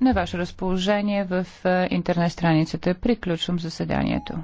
на ваше разположение в е, интернет страницата. Приключвам заседанието.